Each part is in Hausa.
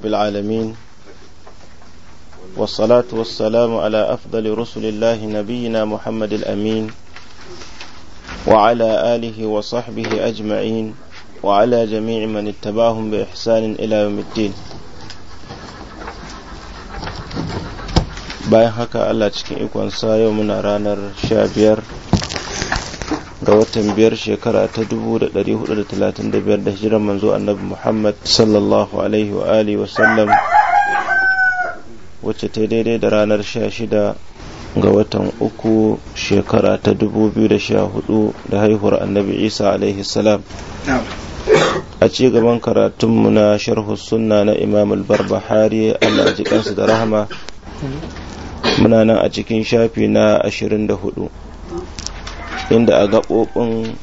رب العالمين والصلاة والسلام على أفضل رسل الله نبينا محمد الأمين وعلى آله وصحبه أجمعين وعلى جميع من اتبعهم بإحسان إلى يوم الدين باي haka الله تشكي ikonsa سايو من ranar شابير ga watan biyar shekara ta dubu da hudu hijiran manzo annabi Muhammad sallallahu alaihi wa alihi wa sallam wacce ta daidai da ranar sha shida ga watan uku shekara ta dubu biyu da sha hudu da haihuwar annabi Isa alaihi salam a ci gaban karatunmu na sharhu sunna na imam al-barbahari Allah ji da rahama muna nan a cikin shafi na ashirin da hudu. inda a gaɓoɓin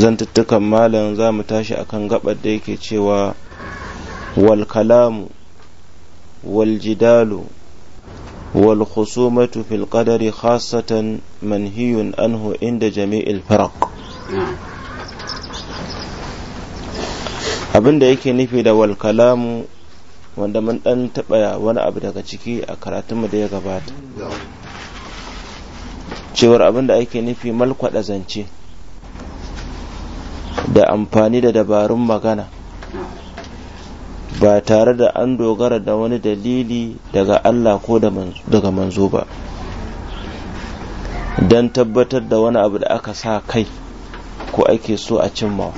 zantuttukan malam za mu tashi akan gaɓar da yake cewa wal kalamu wal jidalu wal khusumatu fil qadari khasatan manhiyun anhu inda jami'il farak. abinda yake nufi da wal kalamu wanda mun ɗan taɓa wani abu daga ciki a karatunmu da ya gabata cewar abin da ake nufi malkwada zance da amfani da dabarun magana ba tare da an dogara da wani dalili daga Allah ko daga manzo ba don tabbatar da wani abu da aka sa kai ko ake so a cimma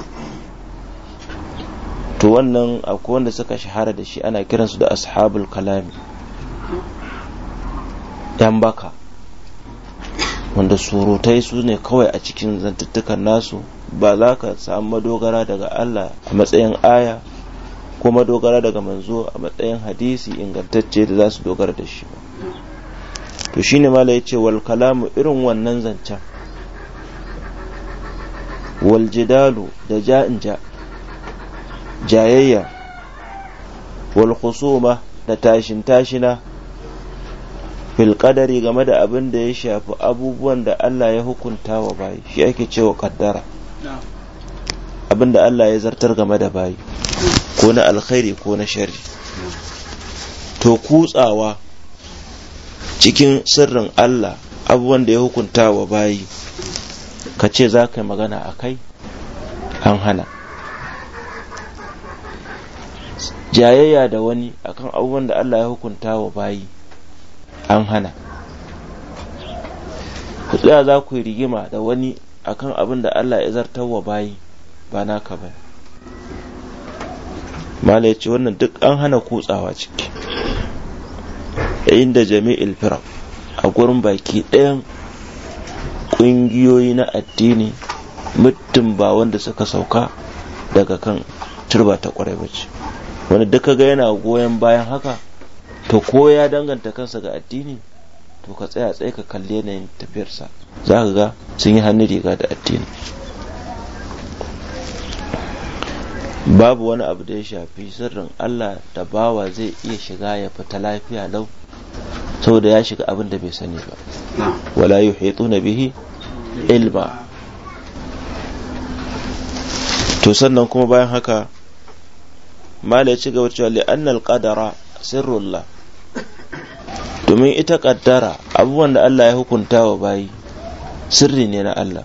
to wannan akwai wanda suka shahara da shi ana kiransu da ashabul kalami yan baka wanda surutai su ne kawai a cikin zantattukan nasu ba za ka samu madogara daga Allah a matsayin aya ko madogara daga manzo a matsayin hadisi ingantacce da za su dogara da shi to shine mala yace wal kalamu irin wannan zancen wal jidalu da ja'in ja jayayya wal khusuma da tashin tashina fil qadari game da abin da ya shafi abubuwan da Allah ya hukunta wa bayi shi ake cewa kaddara abin da Allah ya zartar game da bayi ko na alkhairi ko na shari to kutsawa cikin sirrin Allah abubuwan da ya hukunta wa bayi ka ce za ka yi magana a kai an hana jayayya da wani akan abubuwan da Allah ya hukunta wa bayi an hana ku tsaya za ku yi rigima da wani akan abin da Allah ya zartar wa bayi ba naka ba mala ya ce wannan duk an hana kutsawa ciki inda jami'il firaq a gurin baki ɗayan ƙungiyoyi na addini mutum ba wanda suka sauka daga kan turba ta ƙwarai ce, wani duka ga yana goyon bayan haka to ko ya danganta kansa ga addini to ka tsaya tsaye ka kalli yanayin tafiyarsa za ka ga sun yi hannun riga da addini babu wani abu da ya shafi sirrin Allah da bawa zai iya shiga ya fita lafiya lau saboda ya shiga abin da bai sani ba wala na bihi ilma to sannan kuma bayan haka mala ya ci gaba cewa li'annal qadara sirrullah domin ita kaddara abubuwan da Allah ya hukunta wa bayi sirri ne na Allah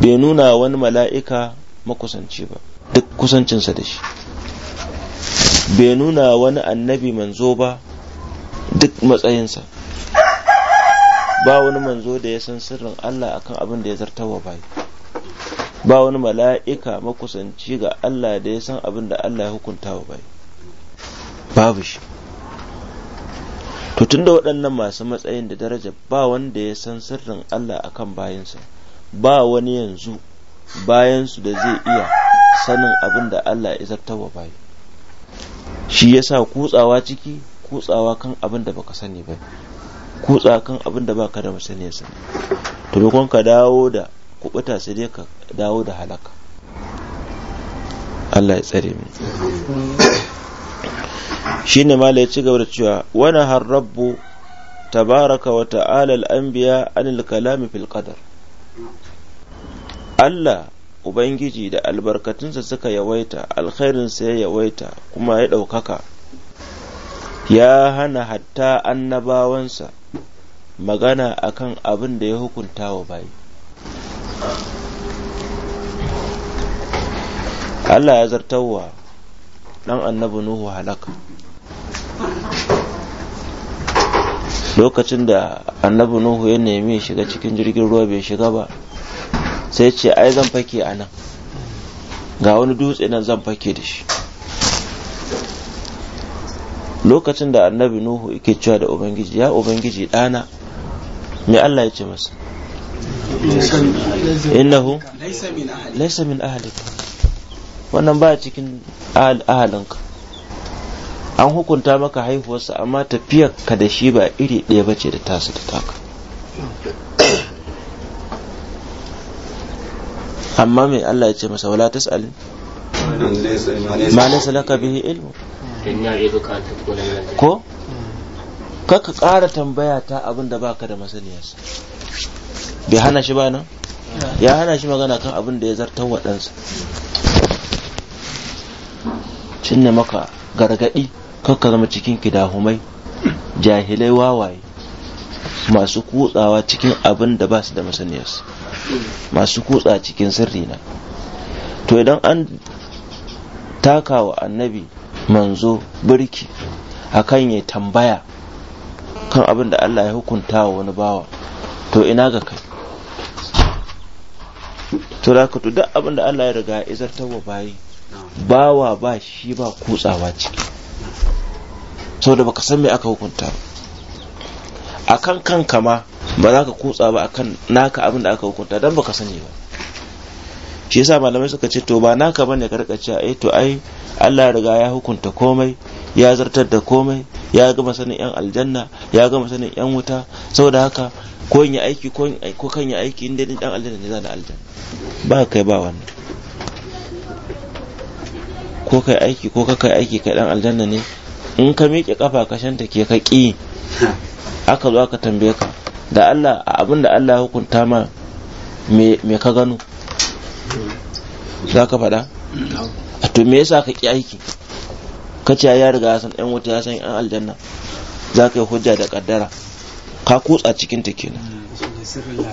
bai nuna wani mala'ika makusanci ba duk kusancinsa da shi bai nuna wani annabi manzo ba duk matsayinsa ba wani manzo da ya san sirrin Allah akan abin da ya zartawa bayi ba wani mala'ika makusanci ga Allah da ya san abin da Allah ya hukunta wa bayi babu shi to tunda waɗannan masu matsayin da daraja ba wanda ya san sirrin Allah akan bayansa ba wani yanzu bayan su da zai iya sanin abin da Allah ya zartawa bayi shi yasa kutsawa ciki kutsawa kan abin da baka sani ba kutsa kan abin da baka da masaniyarsa to ka dawo da kubuta sai dai ka dawo da halaka Allah ya tsare mu shine mala ya ci gaba da cewa wani har rabbu tabaraka wa ta'ala al'anbiya anil kalami fil qadar Allah Ubangiji da albarkatunsa suka yawaita alkhairinsa ya yawaita kuma ya ɗaukaka ya hana hatta annabawansa magana akan abin da ya hukunta wa bayi Allah ya zartawa dan annabi nuhu halaka lokacin da annabi nuhu ya nemi ya shiga cikin jirgin ruwa bai shiga ba sai ce ai zan fake a nan ga wani dutse nan zan fake da shi lokacin da annabi nuhu yake cewa da ubangiji ya ubangiji ɗana me allah ya ce masa innahu laisa min ahalik wannan ba cikin ahalinka an hukunta maka haihuwarsa amma tafiyar ka da shi ba iri ɗaya ba ce da tasu da taka amma mai Allah ya ce masa wala tas'al ma laysa laka bihi ilmu ko ka ƙara tambaya ta abin da baka da masaniyarsa bai hana shi ba nan ya hana shi magana kan abin da ya zartar waɗansa cinna maka gargadi kakka zama cikin kidahumai jahilai wawaye masu kutsawa cikin abin da ba su da masaniyarsu masu kutsa cikin sirri na to idan an taka wa annabi manzo birki akan ya tambaya kan abin da Allah ya hukunta wa wani bawa to ina ga kai to da duk abin da Allah ya riga ya izartar wa bayi bawa ba shi ba kutsawa ciki saboda baka san me aka hukunta ba akan kanka ma ba za ka kutsa ba akan naka abin da aka hukunta dan baka sani ba shi yasa malamai suka ce to ba naka bane ka rika cewa eh to ai Allah riga ya hukunta komai ya zartar da komai ya gama sanin yan aljanna ya gama sanin yan wuta saboda haka ko yin aiki ko kan yi aiki inda dan aljanna ne za na aljanna ba kai ba wannan ko kai aiki ko ka kai aiki kai dan aljanna ne in ka miƙe kafa ka shanta ke ka ƙi aka zo aka tambaye ka da Allah a abin da Allah hukunta ma me ka gano za ka faɗa to me yasa ka ƙi aiki ka ce ya riga san ɗan wuta ya san ɗan aljanna za ka yi hujja da ƙaddara ka kutsa cikin ta kenan mm,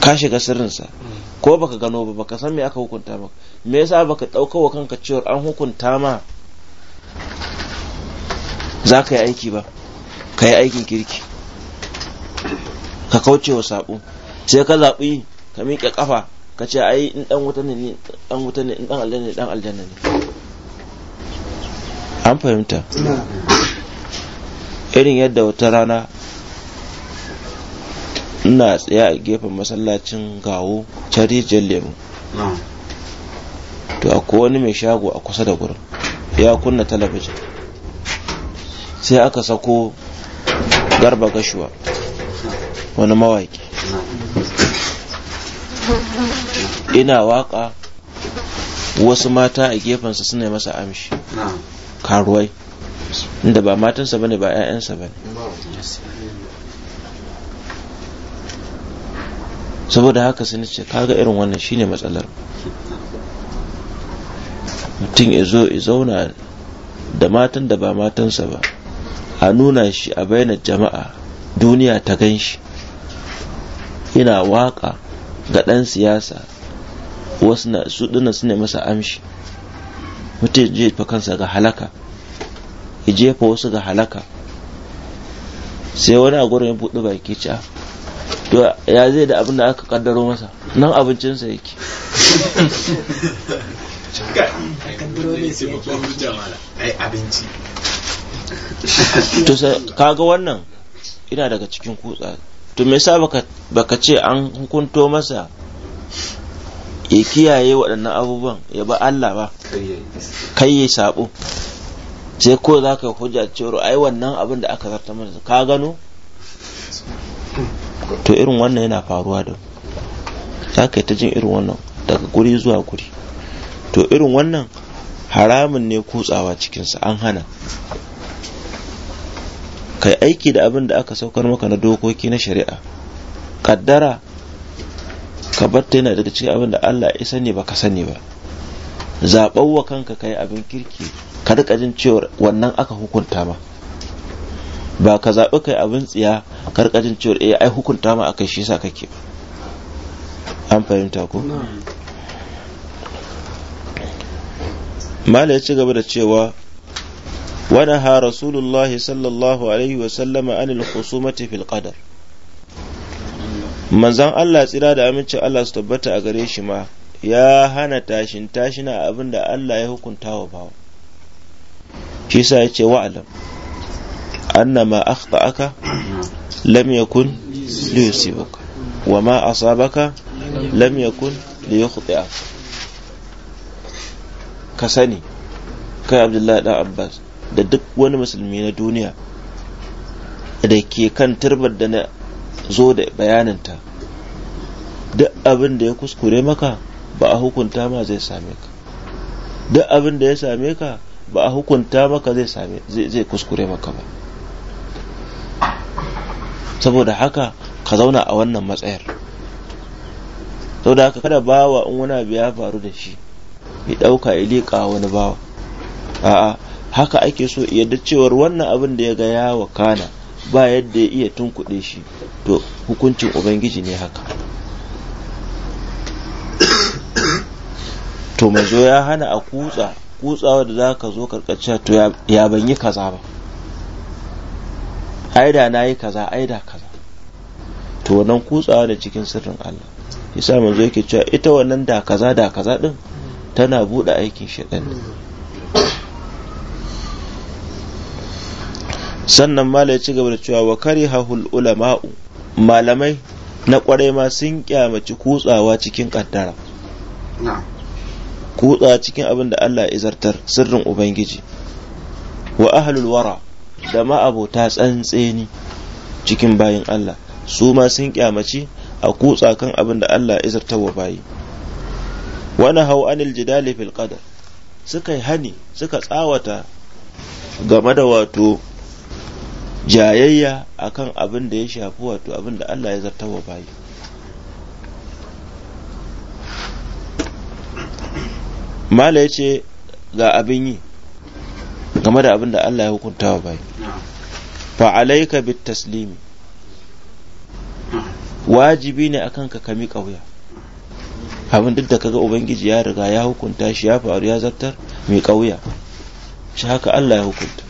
ka shiga sirrinsa mm. ko baka gano ba baka san me aka hukunta ba me yasa baka ɗauka wa kanka cewa an hukunta ma za ka yi aiki ba ka yi aikin kirki ka kauce wa saɓo sai ka zaɓi ka miƙe ƙafa ka ce ai in dan wuta ne in ɗan wuta ne in ɗan aljanna ne dan aljanna ne an fahimta irin yadda wata rana ina tsaye a gefen masallacin gawo cari lemu to akwai wani mai shago a kusa da gurin ya kunna talabijin sai aka sako garba gashuwa wani mawaƙi ina waka wasu mata a gefensa suna masa amshi karuwai inda ba matansa bane ba 'ya'yansa bane saboda haka sun ce kaga irin wannan shine matsalar mutum ya zo ya zauna da matan da ba matansa ba a nuna shi a bayanar jama'a duniya ta gan shi ina waka ga ɗan siyasa wasu na su ɗina su ne masa amshi mutum ya jefa kansa ga halaka ya jefa wasu ga halaka sai wani a gurin ya buɗe baki ci to ya zai da abin da aka kaddaro masa nan abincinsa yake to kaga wannan ina daga cikin kutsa to me yasa baka ce an hukunto masa ya kiyaye waɗannan abubuwan ya ba Allah ba kai ya sabo sai ko za ka hujja cewar ai wannan abin da aka zarta masa ka gano to irin wannan yana faruwa da za ka ta jin irin wannan daga guri zuwa guri to irin wannan haramun ne kutsawa cikinsa an hana kai aiki da abin da aka saukar maka na dokoki na shari'a kaddara ka batta yana daga cikin abin da Allah ya sani ba ka sani ba zaɓar wa kanka kai abin kirki ka rika jin cewa wannan aka hukunta ma ba ka zaɓi kai abin tsiya karkajin cewar eh ai hukunta ma akai shi yasa kake an fahimta ko mala ya ci gaba da cewa wani ha rasulullah sallallahu alaihi عليه وسلم عن الخصومة في alƙadar. manzan Allah tsira da amincin Allah su tabbata a gare shi ma ya hana tashin tashina abin da Allah ya hukunta wa bawa shi sa ya ce wa'alam annama aka lam yakun liyusibaka wa ma asabaka lam yakun liyukhti'ak ka sani kai abdullahi dan abbas da duk wani musulmi na duniya da ke kan turbar da na zo da bayaninta duk abin da ya kuskure maka ba a hukunta ma zai same ka duk abin da ya same ka ba a hukunta maka zai kuskure maka ba saboda haka ka zauna a wannan matsayar saboda haka kada bawa in wani abu ya faru da shi ya ɗauka ya liƙa wani bawa a'a haka ake so yadda cewar wannan abin da ya ga ya kana ba yadda ya iya tunkuɗe shi to hukuncin ubangiji ne haka to mazo ya hana a kutsa kutsawa da za ka zo karkaciya, to ya banyi kaza ba aida na yi kaza aida kaza to wannan kutsawa da cikin sirrin Allah yasa manzo yake cewa ita wannan da kaza da kaza din tana bude aikin shaitan ne sannan mala ya ci gaba da cewa wa karihahul hahul ulama'u malamai na kwarai ma sun kyamaci kutsawa cikin kaddara kutsawa cikin abin da Allah izartar sirrin ubangiji wa ahlul wara da ma'abota tsantseni cikin bayin Allah su ma sun kyamaci a kutsa kan abin da Allah ya zartawa bayi wani hau anil jidali fil qadar suka yi hani suka tsawata game da wato jayayya akan abin da ya shafi wato abin da Allah ya zartawa bayi mala ya ce ga abin yi game da abin da Allah ya hukunta wa bai fa alaika bit taslimi wajibi ne akan ka kami kauya abin duk da kaga ubangiji ya riga ya hukunta shi ya faru ya zartar mai kauya shi haka Allah ya hukunta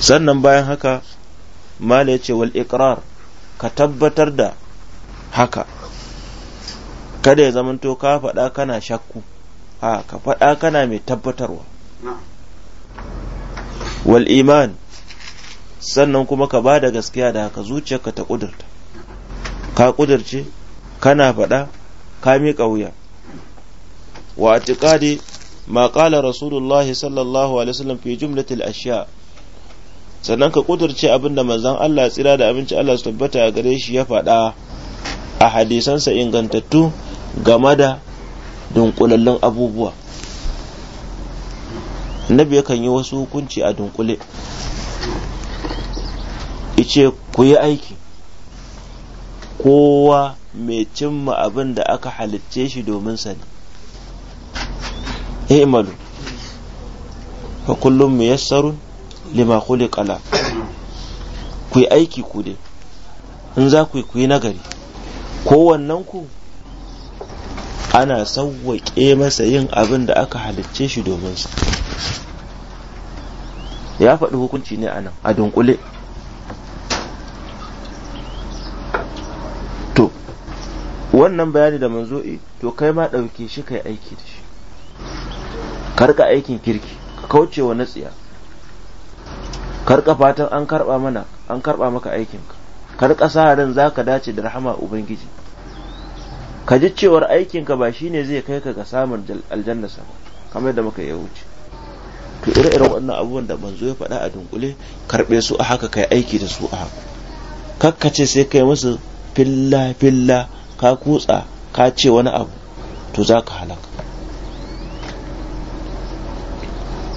sannan bayan haka mala ya ce wal iqrar ka tabbatar da haka kada ya zamanto ka faɗa kana shakku a ka faɗa kana mai tabbatarwa wal iman sannan kuma ka ba da gaskiya da haka zuciyarka ta ƙudurta ka ƙudurce kana faɗa ka miƙa wuya wa atiqadi ma qala rasulullahi sallallahu alaihi wasallam fi jumlatil ashiya sannan ka ƙudurce abinda manzon Allah tsira da abinci Allah su tabbata a gare shi ya faɗa a hadisansa ingantattu game da dunkulallun abubuwa nabi kan yi wasu hukunci a dunkule ice ku yi aiki kowa mai cimma abin da aka halicce shi domin sani i'malu fa kullum yassaru lima khuliqala ku yi aiki ku dai in za ku yi ku yi nagari kowannen ku ana sauwaƙe masa yin abin da aka halicce shi domin sa ya faɗi hukunci ne a nan a dunkule to wannan bayani da manzo'i to kai ma ɗauke shi kai aiki da shi karka aikin kirki ka kauce wa natsiya karka fatan an karɓa mana an karɓa maka aikinka karka sa ran za ka dace da rahama ubangiji ka ji cewar aikinka ba ne zai kai ka ga samun aljannasa ba kamar da muka yi wuce to ire-iren wannan abubuwan da manzo ya faɗa a dunkule karɓe su a haka kai aiki da su a haka kakkace sai kai musu filla-filla ka kutsa ka ce wani abu to za ka halaka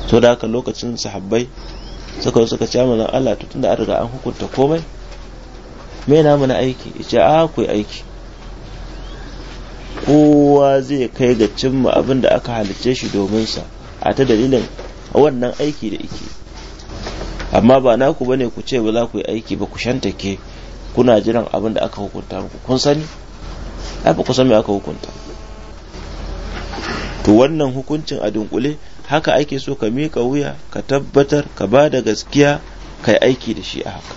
to da haka lokacin sahabbai suka suka ce manzon Allah tun da an riga an hukunta komai me na mana aiki ya ce a ku aiki kowa zai kai ga cimma abin da aka halicce shi domin sa a ta dalilin wannan aiki da ike amma ba naku bane ku ce ba za ku yi aiki ba ku shantake kuna jiran abin da aka hukunta muku kun sani ai ba ku san me aka hukunta to wannan hukuncin a dunkule haka ake so ka miƙa wuya ka tabbatar ka ba da gaskiya kai aiki da shi a haka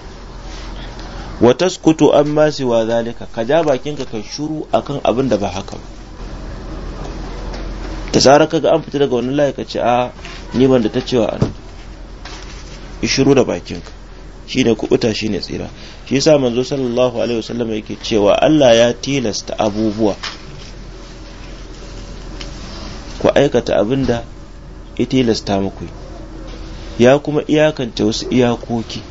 wa taskutu amma siwa zalika ka ja bakinka kai shuru akan abin da ba haka ba ta tsara kaga an fita daga wannan layi ce a ni ban da ta cewa an yi shuru da bakinka shine kubuta shine tsira shi yasa manzo sallallahu alaihi wasallam yake cewa Allah ya tilasta abubuwa ku aikata abin da ya tilasta muku ya kuma iyakance wasu iyakoki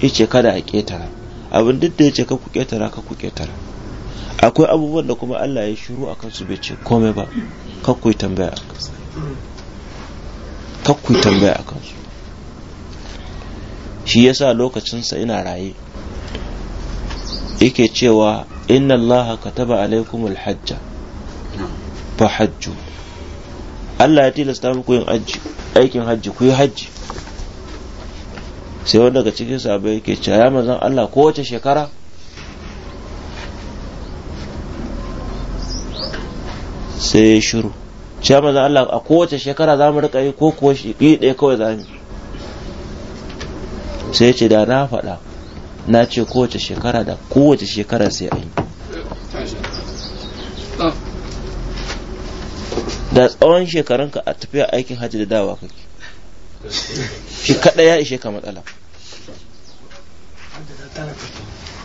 yace kada a ketara abin duk da ya ce ka ku ƙetara ka ku ƙetara akwai abubuwan da kuma Allah ya shiru a kansu bai ce komai ba ka ku tambaya a kansu ka ku tambaya a kansu shi lokacinsa ina raye yake cewa inna Allah taba alaikum alhajja fa hajju Allah ya tilasta muku yin aikin hajji ku yi hajji sai wanda daga cikin sabai yake caya ya manzon Allah kowace shekara sai ya shiru caya manzon Allah a kowace shekara za mu rika yi ko kuwa shi ɗaya kawai za mu sai ya ce da na faɗa na ce kowace shekara da kowace shekara sai a yi da tsawon shekarunka a tafiya aikin hajji da dawa kake shi kaɗai ya ishe ka matsala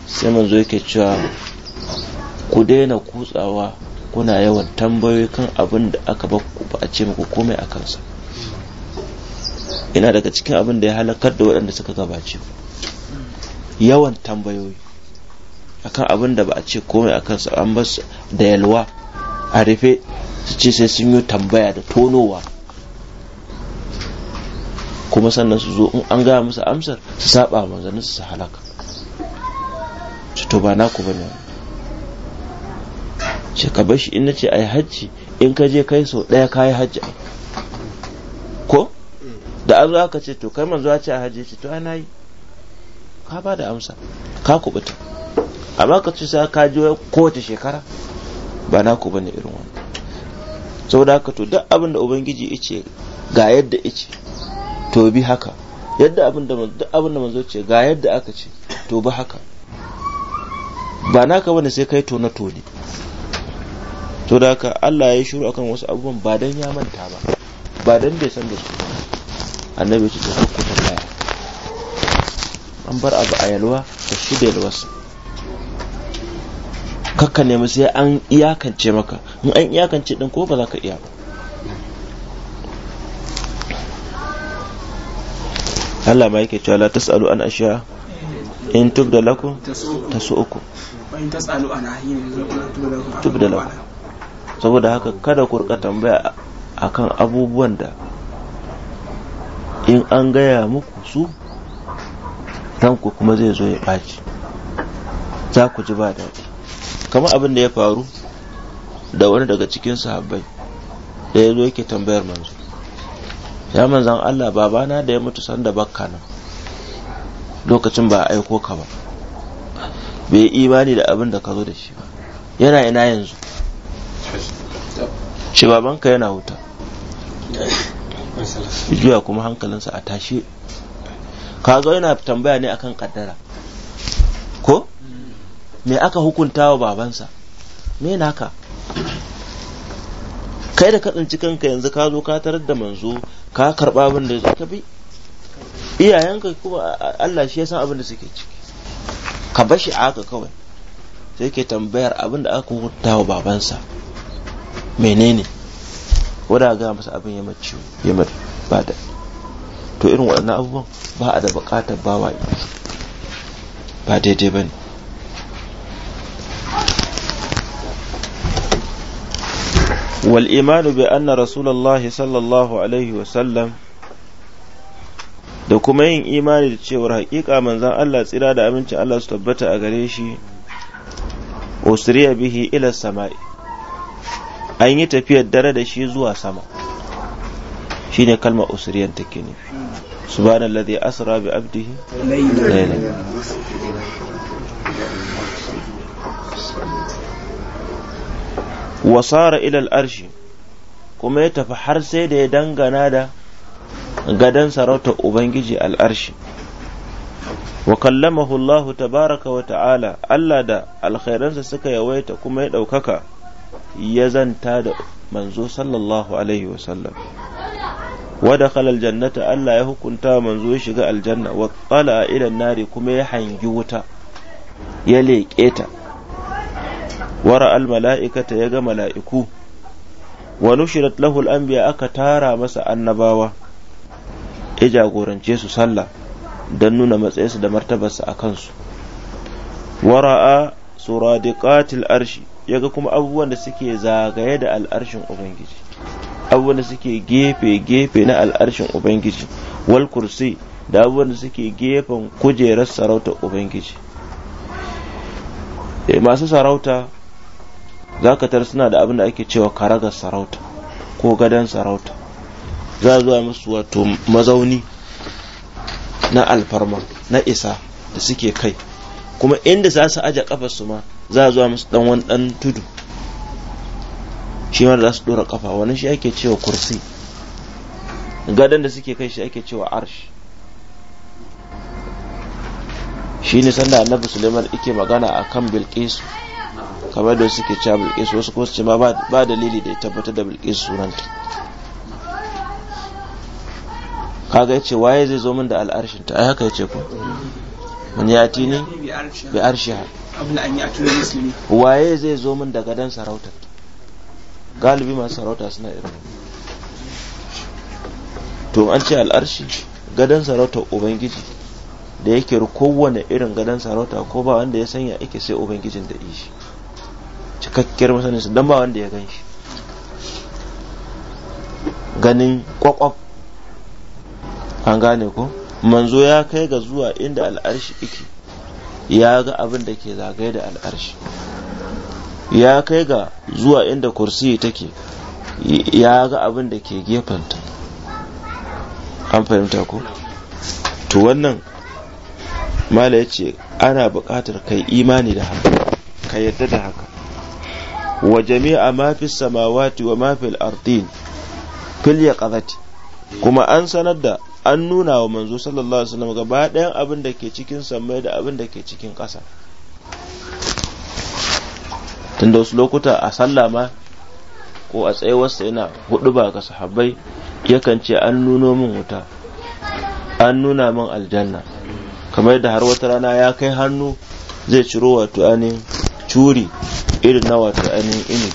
sai manzo yake cewa ku daina kutsawa kuna yawan tambayoyi kan abin da aka ba ku ba a ce muku komai a kansa ina daga cikin abin da ya halakar da waɗanda suka gabace ku yawan tambayoyi akan abin da ba a ce komai a kansa an ba da yalwa a rufe su ce sai sun yi tambaya da tonowa kuma sannan su zo in an gaya musu amsar su saba manzannin su halaka to ba naku ba ne ce ka bashi in a ai hajji in ka je kai so ɗaya kayi hajji ko da an zo aka ce to kai manzo ce a hajji ce to ana yi ka ba da amsa ka kubuta amma ka ce sa ka ji kowace shekara ba naku ne irin wannan saboda haka to duk abin da ubangiji ce ga yadda ce to bi haka yadda abin da manzo ce ga yadda aka ce to bi haka ba naka bane sai kai tone tone to da haka Allah ya yi shiru akan wasu abubuwan ba dan ya manta ba ba dan bai san da su annabi ce ta ku tambaya an bar abu a yalwa da shi da yalwarsa kakka nemi sai an iyakance maka in an iyakance din ko ba za ka iya ba Allah ma yake cewa la tas'alu an ashiya in tub da ta su uku tub saboda haka kada ku tambaya akan abubuwan da in an gaya muku su ranku kuma zai zo ya ɓaci za ku ji ba daɗi kamar abin da ya faru da wani daga cikin sahabbai da ya zo yake tambayar manzo ya manzan Allah babana da ya mutu sanda bakka nan lokacin ba a aiko ka ba bai yi imani da abin da ka zo da shi ba yana ina yanzu shi babanka yana wuta juya kuma hankalinsa a tashe ka zo yana tambaya ne akan kaddara ko me aka hukunta wa babansa me naka kai da ka tsinci kanka yanzu ka zo ka tarar da manzo ka karba abin da ya zo ka bi iyayenka kuma Allah shi ya san abin da suke ciki ka bashi a haka kawai sai ke tambayar abin da aka hutta wa babansa menene wadda ga masa abin ya mace ya ba da to irin waɗannan abubuwan ba a da buƙatar bawa ba daidai ba ne والإيمان بأن رسول الله sallallahu alaihi wa sallam. da kuma yin imani da cewar haƙiƙa manzan Allah tsira da aminci, Allah su tabbata a gare shi usriya bihi ila sama'i an yi tafiyar dare da shi zuwa sama Shi ne kalma usriyan take nufi subhanallazi asra bi abdihi laylan wa ila al-arshi kuma ya tafi har sai da ya dangana da gadan sarauta ubangiji al'arshi wa kallamahu tabaraka wa ta'ala Allah da alkhairansa suka yawaita kuma ya ɗaukaka ya zanta da manzo sallallahu alaihi wa sallam wa dakhala Allah ya hukunta manzo ya shiga aljanna wa a ila nari kuma ya hangi wuta ya leƙe ta wara al mala'ikata ya ga mala'iku wa nushirat lahul anbiya aka tara masa annabawa ya jagorance su sallah don nuna matsayinsu da martabarsa a kansu wara'a suradiqatil arshi ya ga kuma abubuwan da suke zagaye da al'arshin ubangiji abubuwan da suke gefe-gefe na al'arshin ubangiji wal kursi da abubuwan da suke gefen kujerar sarauta ubangiji e masu sarauta zakatar suna da abin da ake cewa karagar sarauta ko gadon sarauta za zuwa musu wato mazauni na alfarma na isa da suke kai kuma inda za su aje kafar su ma za zuwa musu dan wani dan tudu shi ma za su dora kafa wani shi ake cewa kursi gadon da suke kai shi ake cewa arshi shi ne sanda annabi suleiman ike magana a kan bilkisu kamar da suke cewa bilkisu wasu kuma su ce ma ba dalili da ya tabbatar da bilkisu sunanta kaga ce waye zai zo min da al'arshin ta ai haka ya ce ko man ya tini? bi arshiha abla an waye zai zo min da gadan sarauta galibi masu sarauta suna irin to an ce al'arshi gadan sarautar ubangiji da yake kowane irin gadan sarauta ko ba wanda ya sanya ake sai ubangijin da ishi cikakkiyar masanin su don ba wanda ya gan shi ganin kwakwaf an gane ko manzo ya kai ga zuwa inda al'arshi ike ya ga abin da ke zagaye da al'arshi ya kai ga zuwa inda kursi take ya ga abin da ke gefenta an fahimta ko to wannan mala ya ce ana buƙatar kai imani da haka ka yadda da haka wa jami'a ma fi samawati wa ma fi al fil yaqazati kuma an sanar da an nuna wa manzo sallallahu alaihi wasallam gaba ɗayan abin da ke cikin sammai da abin da ke cikin ƙasa tunda wasu lokuta a sallah ma ko a tsayuwarsa yana hudu ba ga sahabbai yakan ce an nuno min wuta an nuna min aljanna kamar da har wata rana ya kai hannu zai ciro wato anin curi irin na wato anin ini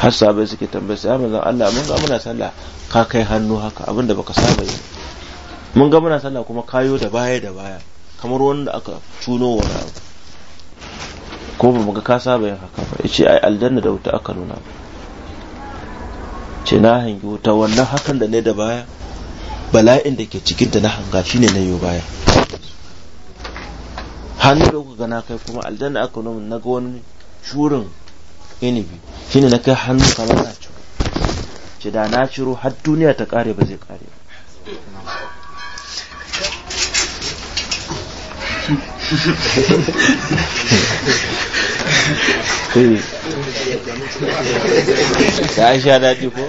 har sabai suke tambaye sai manzon Allah mun ga muna sallah ka kai hannu haka abinda baka saba yi mun ga muna sallah kuma kayo da baya da baya kamar wanda aka cuno wa abu ko ba ga ka saba yin haka ba yace ai aljanna da wuta aka nuna ce na hangi wuta wannan hakan da ne da baya bala'in da ke cikin da na hanga shine na baya hannu da kuka gana kai kuma aljanna aka nuna na ga wani shurin inibi shine na kai hannu kamar na ce da na ciro har duniya ta kare ba zai kare ba sha ko?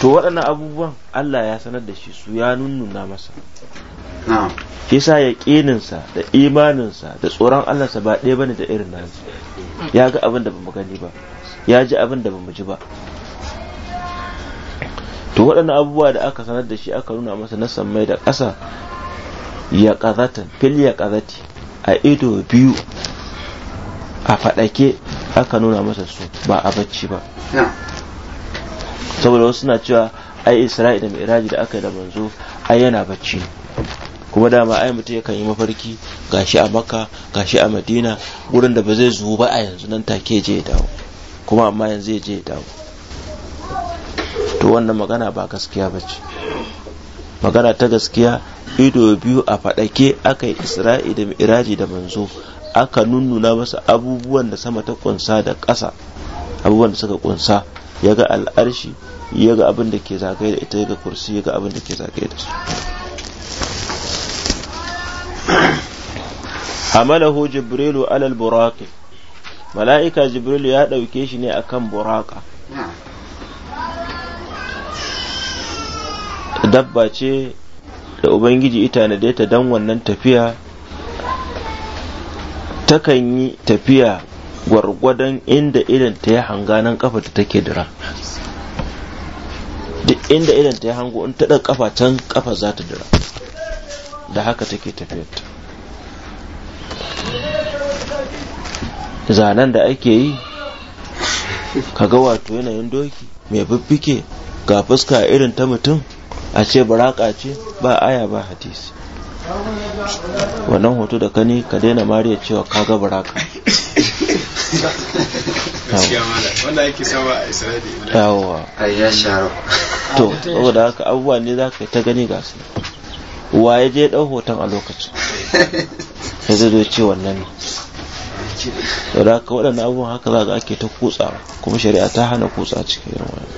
to waɗannan abubuwan Allah ya sanar da shi su ya nunnuna masa shi sa ya ƙininsa da imaninsa da tsoron Allahnsa ba ɗaya bane da irin nasu ya ga abin da bamu gani ba ya ji abin da bamu ji ba to waɗannan abubuwa da aka sanar da shi aka nuna masa na samai da ƙasa ya ƙazatan fil ya ƙazati a ido biyu a faɗake aka nuna masa su ba a bacci ba saboda wasu suna cewa ai isra'i da mai da aka yi da manzo ai yana bacci kuma dama ai mutum yakan yi mafarki gashi a makka gashi a madina gurin da ba zai zuwa ba a yanzu nan take je ya dawo kuma amma yanzu ya je ya dawo to wannan magana ba gaskiya ba magana ta gaskiya ido biyu a faɗake aka yi isra'i da miraji da manzo aka nunnuna masa abubuwan da sama ta kunsa da ƙasa abubuwan da suka kunsa ya ga al'arshi ya ga abin da ke zagaye da ita ya ga kursi ya ga abin da ke zagaye da su حمله جبريل alal البراق mala'ika جبريل ya ɗauke shi براقة kan buraka dabba ce da ubangiji ita na ta dan wannan tafiya takan yi tafiya gwargwadon inda idan ta ya hanga nan kafa ta take dira duk inda ta ya hango in da haka take tafiyarta zanen da ake yi kaga wato yanayin doki mai bibbike ga fuska irin ta mutum a ce baraka ce ba aya ba hadisi wannan hoto da kani ka daina mariya cewa kaga baraka yawa to saboda haka abubuwa ne za ka ta gani gasu wa ya je ɗau hoton a lokacin ya zai ce wannan ne da haka abubuwan haka za ga ake ta kutsa kuma shari'a ta hana kutsa cikin yin wani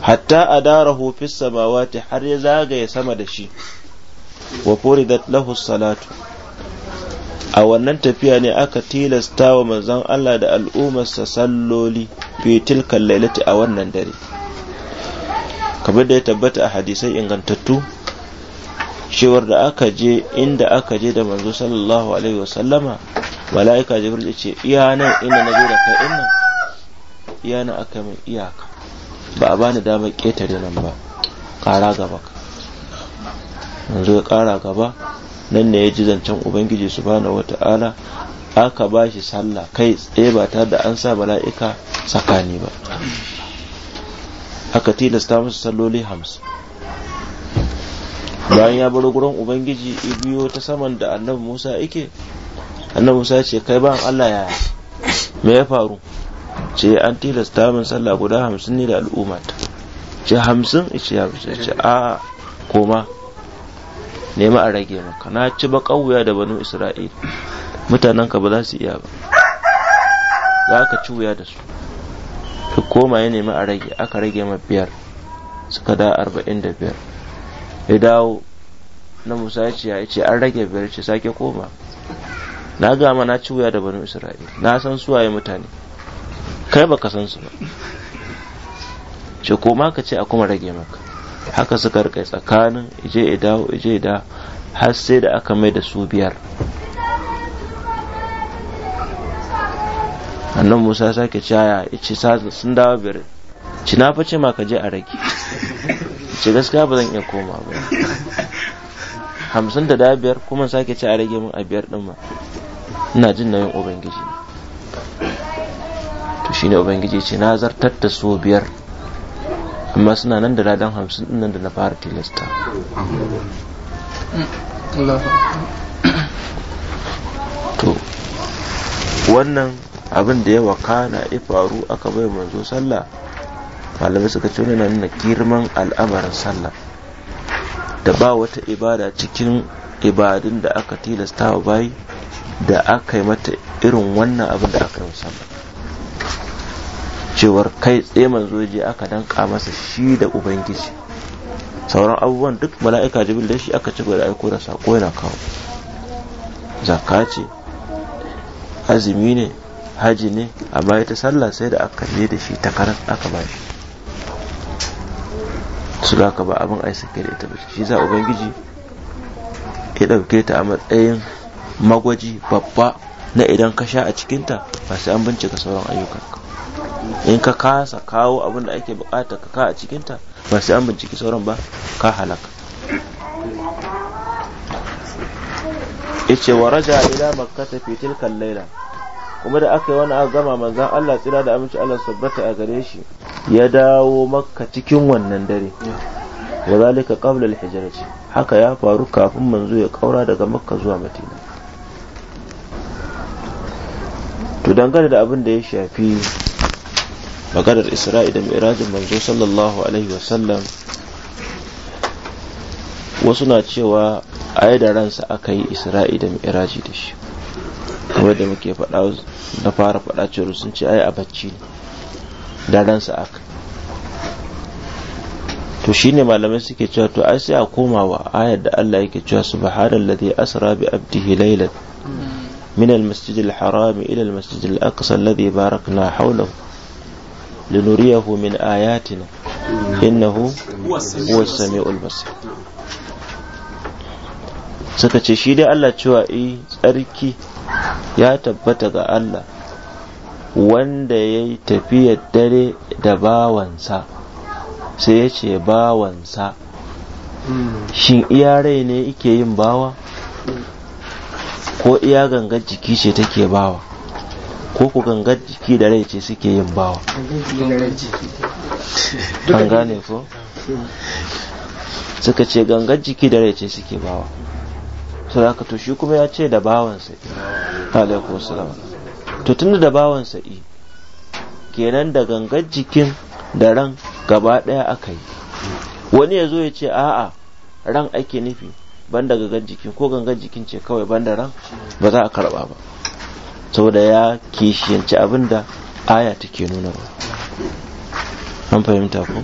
hatta a dara hufis samawati har ya zagaye sama da shi wa furidat lahu salatu a wannan tafiya ne aka tilasta wa manzon Allah da al'ummarsa salloli fi tilkan lailati a wannan dare kamar da ya tabbata a hadisai ingantattu shewar da aka je inda aka je da manzo sallallahu alaihi wasallama mala'ika jibril ya ce iya nan inda na da kai inna iya nan aka min iyaka ba a bani damar ketare nan ba ƙara gaba manzo ya ƙara gaba nan ne ya ji zancen ubangiji subhanahu wata'ala aka bashi sallah kai tsaye ba tare da an sa mala'ika tsakani ba aka tilasta musu salloli hamsin bayan ya bar gurin ubangiji biyo ta saman da annabi musa yake annabi musa ce kai ban allah yaya me ya faru ce an tilasta min sallah guda hamsin ne da al'ummata ce hamsin ce ya ce a koma nema a rage maka na ci ba wuya da banu isra'ila mutanen ka ba za su iya ba za ka ci wuya da su ya koma ya nemi a rage aka rage ma biyar suka da arba'in da biyar ya dawo na musa ya ce ya ce an rage biyar ce sake koma na gama na ci wuya da banu isra'ila na san suwaye mutane kai baka san su ba ce koma ka ce a kuma rage maka haka suka rika tsakanin ije ya ije da har sai da aka mai da su biyar annan musa sake caya ya ce sun dawo biyar ci na fice ma ka je a rage ce gaskiya ba zan iya koma ba hamsin da da biyar kuma sake ci a rage min a biyar din ma ina jin nauyin ubangiji to shine ubangiji ce na zartar da so biyar amma suna nan da ladan hamsin din nan da na fara tilasta to wannan abin da ya kana na aka bai manzo sallah malamai suka ce na nuna girman al'amarin sallah da ba wata ibada cikin ibadun da aka tilasta wa bayi da aka yi mata irin wannan abin da aka yi musamman cewar kai tsaye manzo je aka danka masa shi da ubangiji sauran abubuwan duk mala'ika jibin da shi aka ci da aiko da sako yana kawo zakka ce azumi ne haji ne a amma ta sallah sai da aka je da shi ta karas aka ba shi su da ba abin ai sake da ita ba shi za ubangiji ya ɗauke ta a matsayin magwaji babba na idan ka sha a cikinta ba sai an bincika sauran ka in ka kasa kawo abin da ake bukata ka ka a cikinta ba sai an binciki sauran ba ka halaka ice wa raja ila makkata fi tilkan laila kuma da aka yi wani a gama manzan Allah tsira da aminci Allah sabbata a gare shi ya dawo makka cikin wannan dare wa zalika qabla al haka ya faru kafin manzo ya kaura daga makka zuwa madina to dangane da abin da ya shafi maganar isra'i da mi'rajin manzo sallallahu alaihi wasallam wasu na cewa a da ransa aka yi isra'i da mi'raji da shi kamar da muke faɗa da fara faɗa cewar sun ce ai a bacci ne da ransa aka to ne malamai suke cewa to ai sai a komawa ayar da Allah yake cewa subhanallazi asra bi abdihi laylan من المسجد الحرام إلى المسجد الأقصى الذي باركنا حوله لنريه من آياتنا إنه هو السميع البصير suka ce shi dai Allah cewa i eh, tsarki ya tabbata ga Allah wanda ya yi tafiyar dare da bawansa sai ya ce bawansa shin iya rai ne ike yin bawa ko iya gangar jiki ce take bawa ko ku gangar jiki da rai ce suke yin bawa an gane ko suka ce gangar jiki da rai ce suke bawa sau to shi kuma ya ce da bawansa alaikum salam to tunda da bawansa i kenan da gangar jikin da ran gaba ɗaya aka yi wani ya zo ya ce a'a ran ake nufi ban da gangan jikin ko gangan jikin ce kawai ban da ran ba za a karba ba saboda ya kishiyanci abin da aya take nuna ba an fahimta ko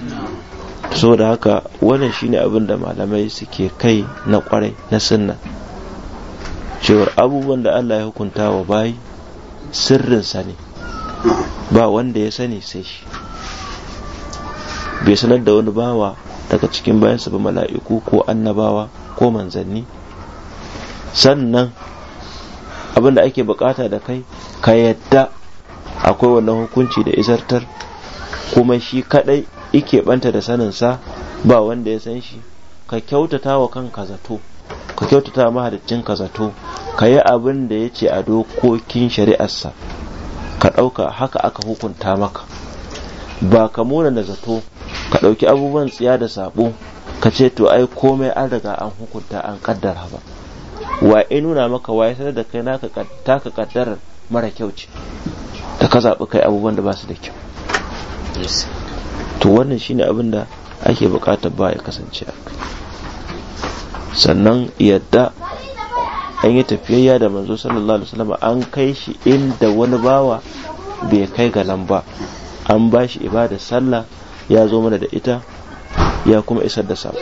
saboda haka wannan shine abin da malamai suke kai na kwarai na sunna cewar abubuwan da Allah ya hukunta wa bayi sirrinsa ne ba wanda ya sani sai shi bai sanar da wani bawa daga cikin bayansa ba mala'iku ko annabawa ko manzanni sannan abin da ake bukata da kai ka yadda akwai wannan hukunci da izartar kuma shi kadai ike banta da saninsa ba wanda ya san shi ka kyautata wa kanka zato ka kyautata mahalicin ka zato ka yi abin da ya ce a dokokin shari'arsa ka ɗauka haka aka hukunta maka ba ka muna na zato ka ɗauki abubuwan tsiya da sabo ka ce to ai komai an riga an hukunta an kaddara ba wa in nuna maka wa sanar da kai naka taka kaddarar mara kyau ce da ka zaɓi kai abubuwan da ba su da kyau to wannan shine abin da ake bukatar ba ya kasance a kai sannan yadda an yi tafiyayya da manzo sallallahu alaihi wasallam an kai shi inda wani bawa bai kai ga nan ba an ba shi ibada sallah ya zo mana da ita ya kuma isar da sa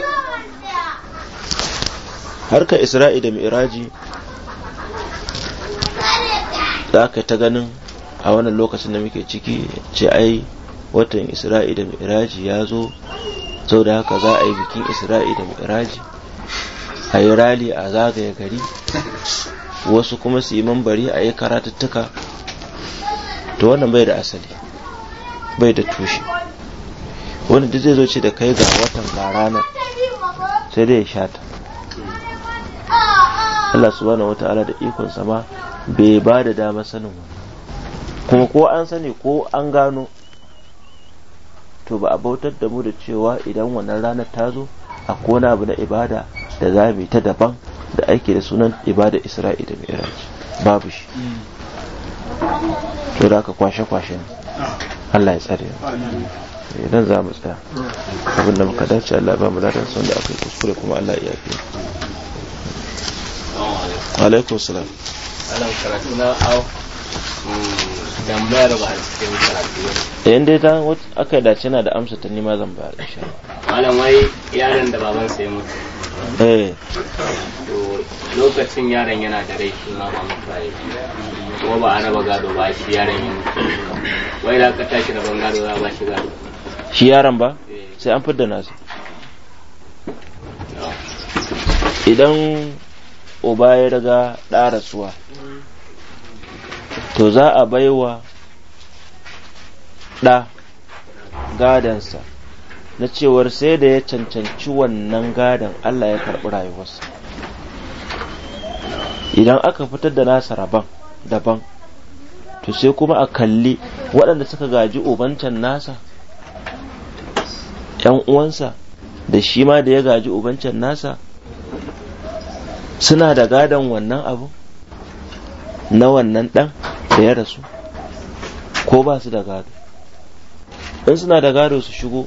harka isra'i da mi'raji za ka ta ganin a wannan lokacin da muke ciki ce ai watan isra'i da mi'raji ya zo sau da haka za a yi bikin isra'i da mi'raji a yi rali a zagaye gari wasu kuma su yi mambari a yi karatuttuka to wannan bai da asali bai da tushe wanda duk zai zo ce da kai ga watan ga ranar sai dai ya shata Allah subhanahu ala da ikon sama bai ba da dama sanin kuma ko an sani ko an gano to ba a bautar da mu da cewa idan wannan ranar ta zo a kona abu na ibada da za mu ta daban da ake da sunan ibada isra'i da mi'raj babu shi to da aka kwashe-kwashe ne Allah ya tsare idan eh, za mu tsaya abin da muka dace Allah ba mu ladan sun da aka yi kuskure kuma Allah ya fi alaikum salam tambayar ba a cikin karatu ba yan dai ta wata aka dace na da amsa ta nima zan bayar insha malam wai yaron da baban sai mutu eh to lokacin yaron yana da rai shi ma ba mutuwa ko ba a raba gado ba shi yaron yana wai da aka tashi ban gado za ba shi gado shi yaron ba eh. sai an fidda nasu idan uba ya riga ɗara suwa. to za a baiwa ɗa gadansa na cewar sai da ya cancanci wannan gadan Allah ya karɓi rayuwarsa idan aka fitar da nasa rabon daban to sai kuma a kalli waɗanda suka gaji ubancan nasa ‘yan uwansa da shi ma da ya gaji ubancan nasa suna da gadon wannan abu na wannan ɗan da ya rasu ko ba su da gado in suna da gado su shigo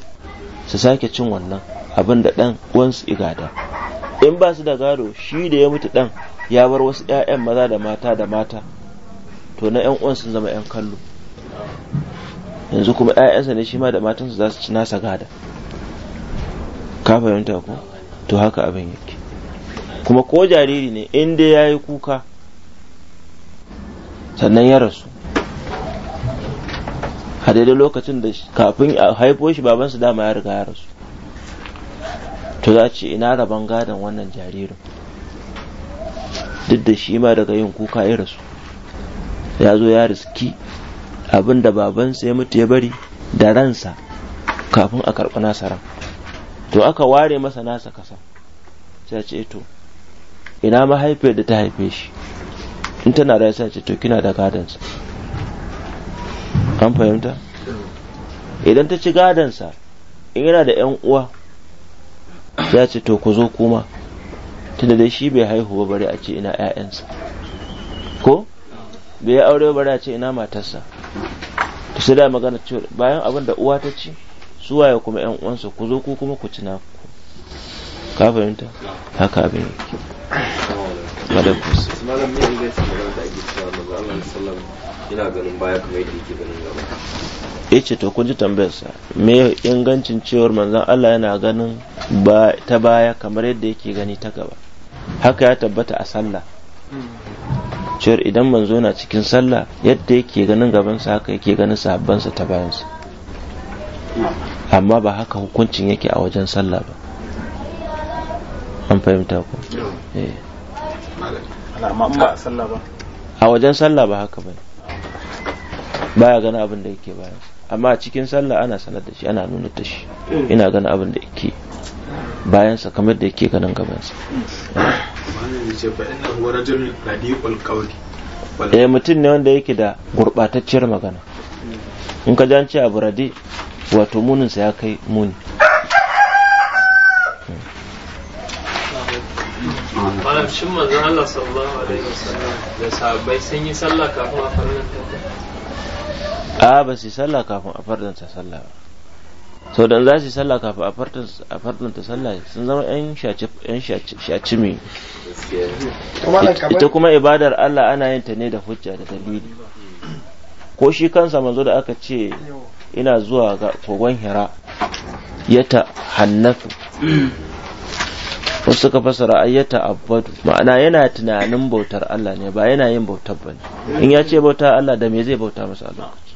su sake cin wannan abin da ɗan wansu igada in ba su da gado shi da ya mutu ɗan ya bar wasu 'ya'yan maza da mata da mata to na 'yan uwan sun zama 'yan kallo yanzu kuma 'ya'yansa ne shi ma da matansa za su ci nasa gada ka fahimta ko to haka abin yake kuma ko jariri ne in dai ya yi kuka sannan ya rasu a daidai lokacin da kafin a haifo shi babansa dama ya riga ya rasu to za ce ina rabon gadon wannan jaririn duk da shi ma daga yin kuka ya rasu ya zo ya riski abin da babansa ya mutu ya bari da ransa kafin a karɓi nasa ran to aka ware masa nasa kasa sai ce to ina mahaifiyar da ta haife shi in tana da yasa ce to kina da gadansa an fahimta idan ta ci gadansa in yana da yan uwa ya ce to ku zo kuma tunda dai shi bai haihu ba bari a ce ina ƴaƴansa ko bai ya aure bari a ce ina matarsa to sai da magana ce bayan abin da uwa ta ci su waye kuma ƴan uwansa ku zo ku kuma ku ci na ku ka fahimta haka abin yake Madakus. Malam ne da ake cewa yana ganin baya kuma yadda yake ganin gaba. Ya ce to kun ji tambayarsa sa me ingancin cewar manzon Allah yana ganin ta baya kamar yadda yake gani ta gaba. Haka ya tabbata a sallah. Cewar idan manzo na cikin sallah yadda yake ganin gabansa haka yake ganin sahabbansa ta bayansa. Amma ba haka hukuncin yake a wajen sallah ba. An fahimta ku? Eh. a wajen sallah ba haka bane baya gana abin da yake baya amma a cikin sallah ana sanar da shi ana nuna da shi ina gana abin da yake bayansa kamar da yake ganin gabansa eh mutum ne wanda yake da gurbatacciyar magana in ka ji an ce abu radi wato muninsa ya kai muni malam shin manzon Allah sallallahu alaihi wasallam da sahabbai sun yi sallah kafin a farlanta a ba su yi sallah kafin a farlanta sallah ba sau dan za su yi sallah kafin a farlanta sallah sun zama yan shaci mai ita kuma ibadar Allah ana yin ta ne da hujja da dalili ko shi kansa manzo da aka ce ina zuwa ga kogon hira ya ta hannafu wasu ka fasara ayyata abadu ma'ana yana tunanin bautar Allah ne ba yana yin bautar bane in ya ce bauta Allah da me zai bauta masa a lokaci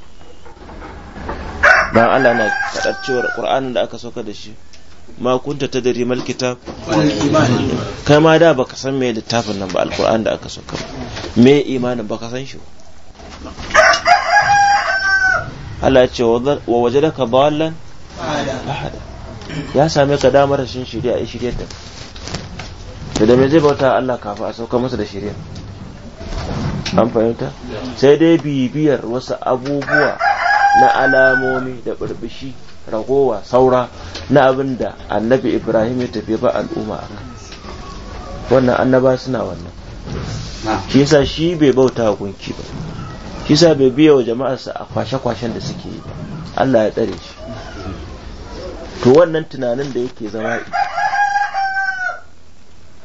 dan Allah na fadar cewar Qur'anin da aka sauka da shi ma kunta tadri mal kitab kai ma da baka san me littafin nan ba alquran da aka sauka me imanin baka san shi Allah ya ce wa wajadaka dallan ya same ka damar shin shirya shirye ta sai da mai zai bauta Allah kafin a sauka masa da shirya an fahimta sai dai bibiyar wasu abubuwa na alamomi da burbushi ragowa saura na abin da annabi ibrahim ya tafi ba al'umma a kan wannan annaba suna wannan shi yasa shi bai bauta gunki ba shi yasa bai biya wa jama'arsa a kwashe-kwashen da suke yi ba Allah ya tsare shi to wannan tunanin da yake zama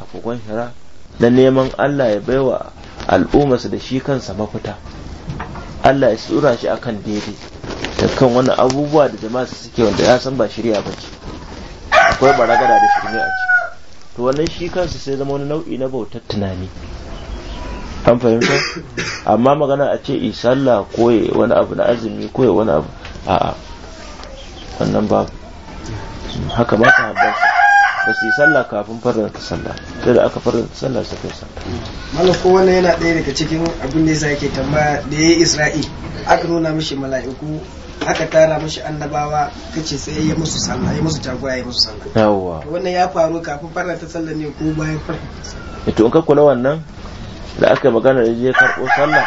a kogon hira na neman Allah ya baiwa al'ummarsa da shi kansa mafita Allah ya tsura shi akan daidai ta kan wani abubuwa da jama'a suke wanda ya san ba shirya ba ce akwai baragada da shirme a ciki to wannan shi kansa sai zama wani nau'i na bautar tunani an fahimta amma magana a ce isalla ko wani abu na azumi ko wani abu a'a wannan babu haka ba ka su. ba su yi sallah kafin ta sallah sai da aka ta sallah su kai sallah ko wannan yana ɗaya daga cikin abin da yasa yake tambaya da ya yi isra'i aka nuna mishi mala'iku aka tara mishi annabawa kace sai ya musu sallah ya musu jagora ya musu sallah yawwa wannan ya faru kafin ta sallah ne ko bayan farin sallah e to in ka kula wannan da aka magana da je karɓo sallah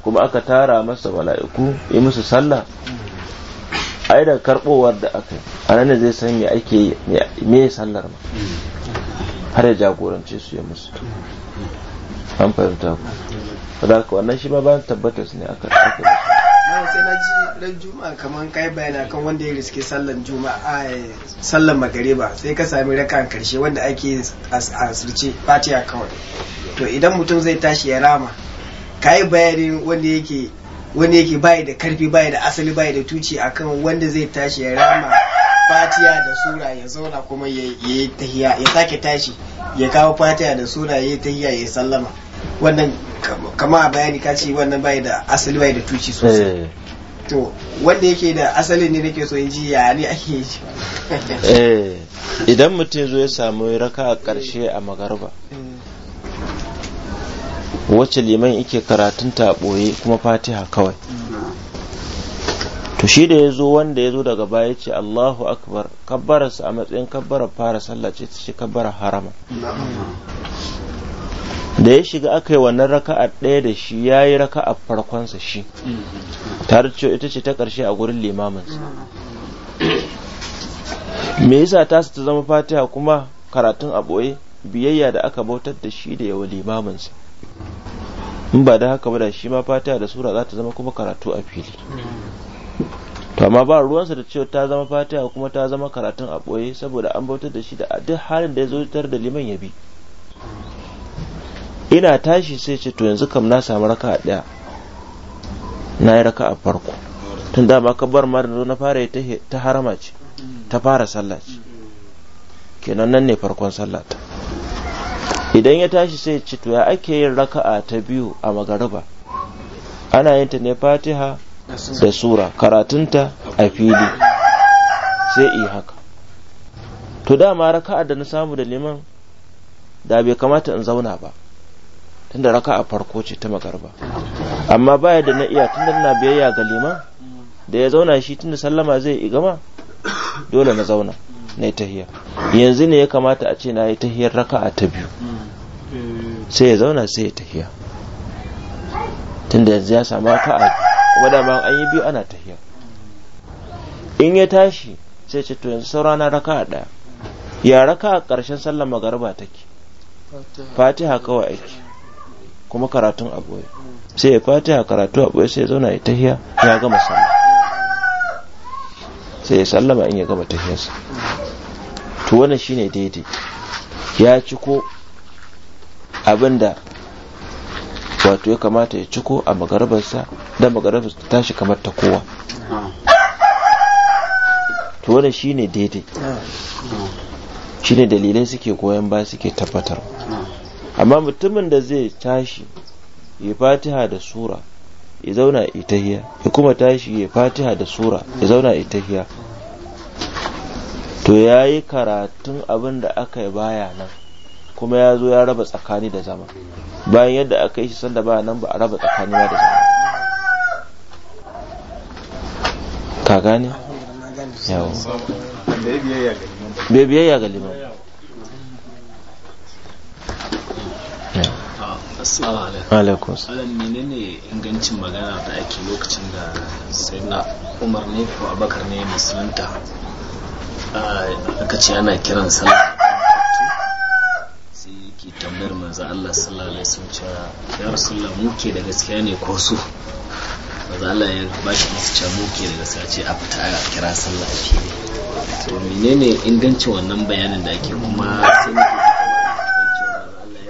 kuma aka tara masa mala'iku yayi musu sallah yi da karbowar da aka yi a nan zai san ya ake me me sallar ma har ya jagorance su ya musu an fahimta ku da haka wannan shi ma ba tabbatar su ne aka aka sai na ji ran juma'a kamar kai bayana kan wanda ya riske sallan juma'a eh, sallan magariba sai ka sami raka karshe wanda ake asirce fatiha kawai to idan mutum zai tashi ya rama ka yi bayanin wanda yake wani yake bayi da karfi bayi da asali bayi da tuci akan wanda zai tashi ya rama fatiya da sura ya zauna kuma ya yi tahiya ya sake tashi ya kawo fatiya da sura ya yi tahiya ya sallama wannan kama a bayani ka ce wannan bayi da asali bayi da tuci sosai eh. to wanda yake da asali ne nake so in ji ya ne ake yi eh. idan mutum zo ya samu raka a ƙarshe a magarba mm. wacce liman yake karatun ta ɓoye kuma fatiha kawai to shi da ya zo wanda ya zo daga baya ce Allahu akbar kabbararsa a matsayin kabbarar fara sallah ce ta ce kabbarar harama da ya shiga aka yi wannan raka'a ɗaya da shi ya yi raka'a farkonsa shi tare cewa ita ce ta ƙarshe a gurin limaminsa me yasa ta ta zama fatiha kuma karatun a ɓoye biyayya da aka bautar da shi da yawa limaminsa in ba da haka ba da shi ma fata da sura za ta zama kuma karatu a fili to amma ba ruwansa da cewa ta zama fata kuma ta zama karatun a ɓoye saboda an bautar da shi da duk halin da ya zo tar da liman ya bi ina tashi sai ce to yanzu kam na samu raka a ɗaya na yi raka a farko tun dama kabar bar mara na fara ta harama ce ta fara sallah ce kenan nan ne farkon sallah ta idan ya tashi sai ci to ya ake yin raka'a ta biyu a magariba ana yin ta ne fatiha da sura karatunta a fili sai yi haka to dama raka'a da na samu da liman da bai kamata in zauna ba tunda raka'a farko ce ta magariba amma baya da na iya tunda na biyayya ga liman da ya zauna shi tunda sallama zai yi gama, dole na zauna na yi tahiya yanzu ne ya kamata a ce na yi tahiyar raka'a ta biyu sai ya zauna sai ya tahiya tunda yanzu ya samu raka'a kuma dama an yi biyu ana tahiya in ya tashi sai ce to yanzu saurana a ɗaya, ya raka a ƙarshen sallar magariba take fatiha kawai ake kuma karatun aboye sai ya fatiha karatu aboye sai ya zauna ya tahiya ya gama sallah sai ya sallama in ya gama tahiyarsa to wannan shine daidai ya ci ko abinda wato ya kamata ya ciko a magarabarsa da magarabarsa ta tashi kamar ta kowa to wannan shine daidai shine dalilai suke goyon ba suke tabbatar amma mutumin da zai tashi ya fatiha da sura ya zauna itahiya ya kuma tashi ya fatiha da sura ya zauna itahiya to ya yi karatun abin da aka yi baya nan kuma ya zo ya raba tsakani da zama bayan yadda aka yi shi sanda ba nan ba a raba tsakani da zama ka gane yawo bai biyayya ga liman menene ingancin magana da ake lokacin da sayyidina umar ne ko abakar ne musulunta ah, aka ce ana kiran sallah tambayar manzo Allah sallallahu alaihi wasallam cewa ya rasulullah mu ke da gaskiya ne ko su manzo Allah ya bashi musu cewa mu ke da gaskiya ce a fita a kira sallah a fili to menene ingancin wannan bayanin da ake kuma sai ne Allah ya umarni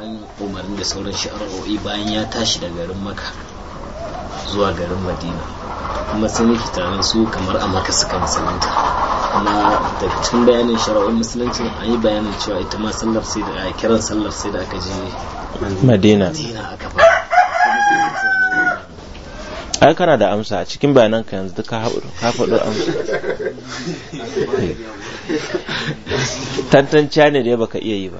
an umarni da sauran shi'ar'o'i bayan ya tashi da garin Makka zuwa garin Madina kuma sun yi fitarin su kamar a Makka suka musulunta kuma daga cikin bayanin shara'un musulunci an yi bayanin cewa ita ma sallar sai da kiran sallar sai da aka je madina kana da amsa a cikin bayanan ka yanzu duka ka faɗo amsa tantanciya ne da baka iya yi ba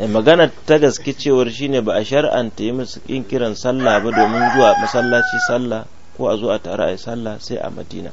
eh, magana ta gaske cewar shine ba a shar'anta yi musu kiran sallah ba domin zuwa masallaci sallah ko a zo a tare a yi sallah sai a madina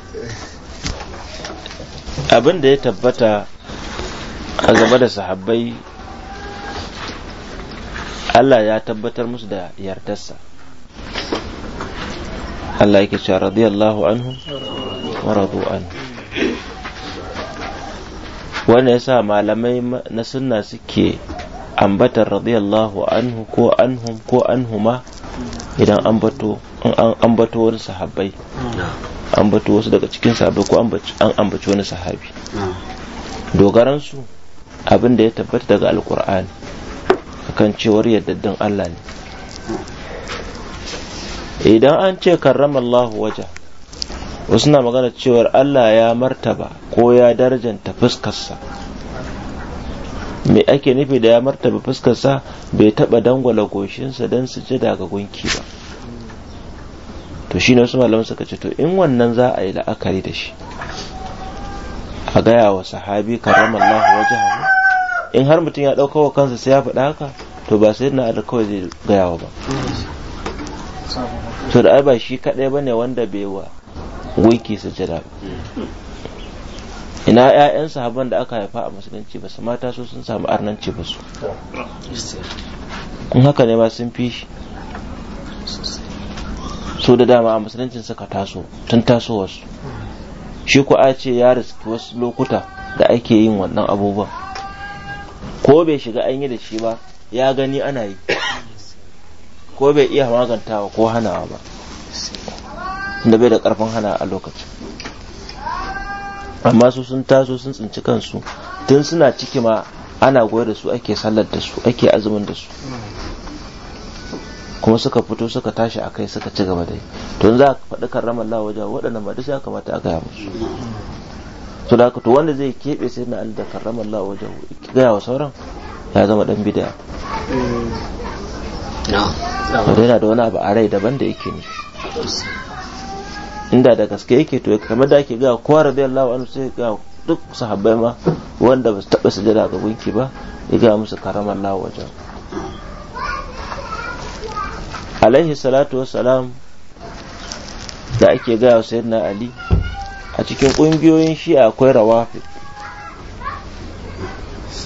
abin da ya tabbata a game da sahabbai Allah ya tabbatar musu da yardarsa Allah yake cewa radiyallahu anhu wa radu anhu wanda yasa malamai na sunna suke ambatar radiyallahu anhu ko anhum ko anhuma idan ambato an ambato wani sahabbai ambato wasu daga cikin sahabbai ko an ambaci wani sahabi dogaransu abin da ya tabbata daga alkur'ani akan cewar yaddaddin Allah ne idan an ce karrama Allahu waja wasu na magana cewar Allah ya martaba ko ya darajanta fuskarsa me ake nufi da ya martaba fuskarsa bai taba dangwala goshinsa don su ji daga gunki ba to shi ne wasu malaman suka ce to in wannan za a yi la'akari da shi a gaya wa sahabi waje hannu. in har mutum ya ɗauka wa kansa sai ya faɗa haka to ba sai na da kawai zai gayawa ba to da ai ba shi kaɗai ba ne wanda bai wa su jira. ina 'ya'yan sahaban da aka haifa a musulunci ba su mata su sun samu arnanci ba su in haka ne ma sun fi shi su da dama a musuluncin suka taso tun tasowarsu shi ku a ce ya riski wasu lokuta da ake yin wannan abubuwan ko bai shiga an yi da shi ba ya gani ana yi ko bai iya magantawa ko hanawa ba da bai da karfin hana a lokacin amma su sun taso sun tsinci kansu tun suna ciki ma ana goyar da su ake sallar da su ake azumin da su kuma suka fito suka tashi a kai suka ci gaba da yi to za ka faɗi karramar lawa wajen waɗannan ba duk ya kamata aka yi musu to da to wanda zai keɓe sai na da karramar lawa wajen gaya wa sauran ya zama ɗan bida wanda yana da wani abu a rai daban da yake nufi inda da gaske yake to kamar da ake gaya kowa lawa anhu sai ga duk sahabbai ma wanda ba su taɓa sujada ga gunki ba ya gaya musu karamar lawa wajen alaihi salatu wassalam da ake gaya wa sayyidina ali a cikin ƙungiyoyin shi akwai rawafi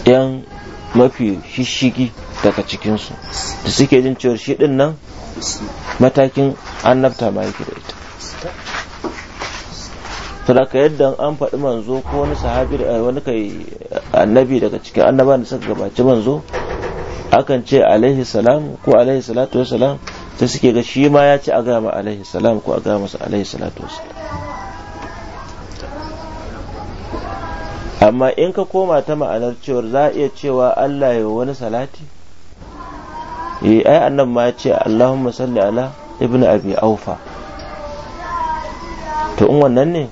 yan mafi shishigi daga cikinsu da suke jin cewar shi din nan matakin annabta ma yake da ita sadaka yadda an faɗi manzo ko wani sahabi da wani kai annabi daga cikin annaban da suka gabaci manzo akan ce alaihi salam ko alaihi salatu salam. sai suke ga shi ma ya ci a gama alaihi salam ko a gama masa alaihi salatu wasalam amma in ka koma ta ma'anar cewar za a iya cewa Allah ya wani salati yi eh, ai annan ma ya ce Allahumma salli ala ibn abi aufa to in wannan ne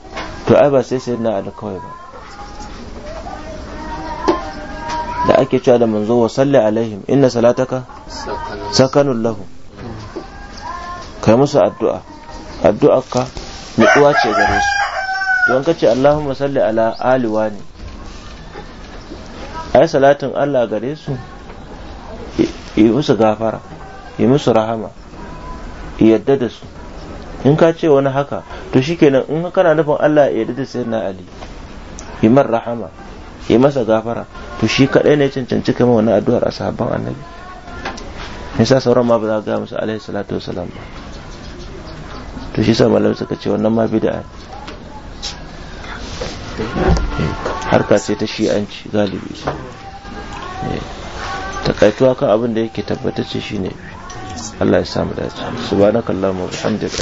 to ai ba sai sai na ala kawai ba da ake cewa da manzo wa salli alaihim inna salataka sakanun lahum kai musu addu'a addu'a ka nutsuwa ce gare su don ka ce Allahumma salli ala aliwa ne ai salatin Allah gare su yi musu gafara yi musu rahama yadda da su in ka ce wani haka to shikenan in kana nufin Allah ya yadda da sayyidina Ali yi mar rahama yi masa gafara to shi kadai ne cancanci kamar wani addu'ar a sahabban annabi nisa sauran ma ba za ga musu alaihi salatu wasalam ba to shi sa malamai suka ce wannan ma bid'a harka sai ta shi'anci galibi eh, takaituwa kan abin da yake tabbatacce ne Allah ya samu dace subhanakallahumma wa bihamdika